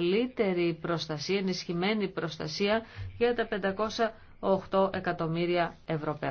καλύτερη προστασία, ενισχυμένη προστασία για τα 508 εκατομμύρια Ευρωπαίων.